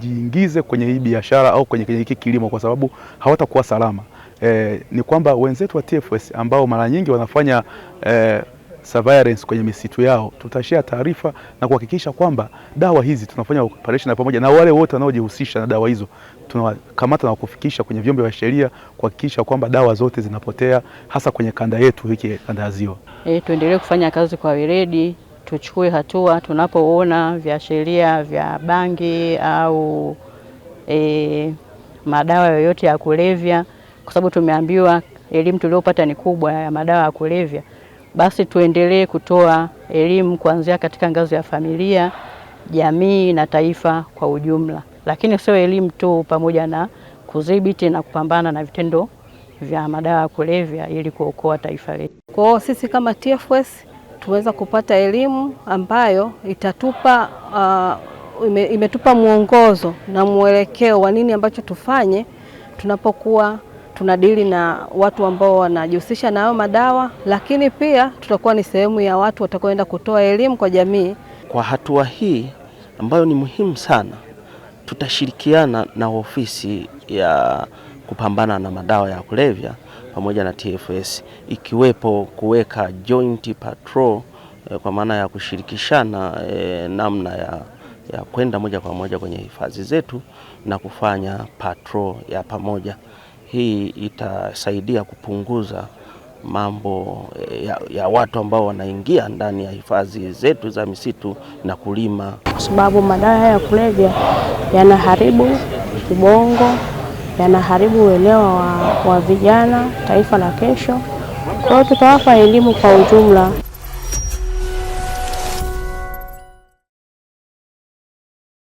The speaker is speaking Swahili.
wajiingize kwenye hii biashara au kwenye hiki kilimo kwa sababu hawatakuwa salama. E, ni kwamba wenzetu wa TFS ambao mara nyingi wanafanya e, surveillance kwenye misitu yao, tutashare taarifa na kuhakikisha kwamba dawa hizi tunafanya operation pamoja na wale wote wanaojihusisha na dawa hizo, tunawakamata na kufikisha kwenye vyombo vya sheria kuhakikisha kwamba dawa zote zinapotea, hasa kwenye kanda yetu hiki kanda ya Ziwa. E, tuendelee kufanya kazi kwa weledi tuchukue hatua tunapoona viashiria vya bangi au e, madawa yoyote ya kulevya, kwa sababu tumeambiwa elimu tuliyopata ni kubwa ya madawa ya kulevya, basi tuendelee kutoa elimu kuanzia katika ngazi ya familia, jamii na taifa kwa ujumla, lakini sio elimu tu, pamoja na kudhibiti na kupambana na vitendo vya madawa ya kulevya ili kuokoa taifa letu. Kwao sisi kama TFS tuweza kupata elimu ambayo itatupa uh, ime, imetupa mwongozo na mwelekeo wa nini ambacho tufanye tunapokuwa tunadili na watu ambao wanajihusisha na hayo madawa, lakini pia tutakuwa ni sehemu ya watu watakaoenda kutoa elimu kwa jamii. Kwa hatua hii ambayo ni muhimu sana, tutashirikiana na ofisi ya kupambana na madawa ya kulevya pamoja na TFS ikiwepo kuweka joint patrol eh, kwa maana ya kushirikishana e, namna ya, ya kwenda moja kwa moja kwenye hifadhi zetu na kufanya patrol ya pamoja. Hii itasaidia kupunguza mambo eh, ya, ya watu ambao wanaingia ndani ya hifadhi zetu za misitu na kulima, kwa sababu madawa ya kulevya yanaharibu kibongo yanaharibu uelewa wa, wa vijana, taifa la kesho. Kwa hiyo tutawapa elimu kwa ujumla.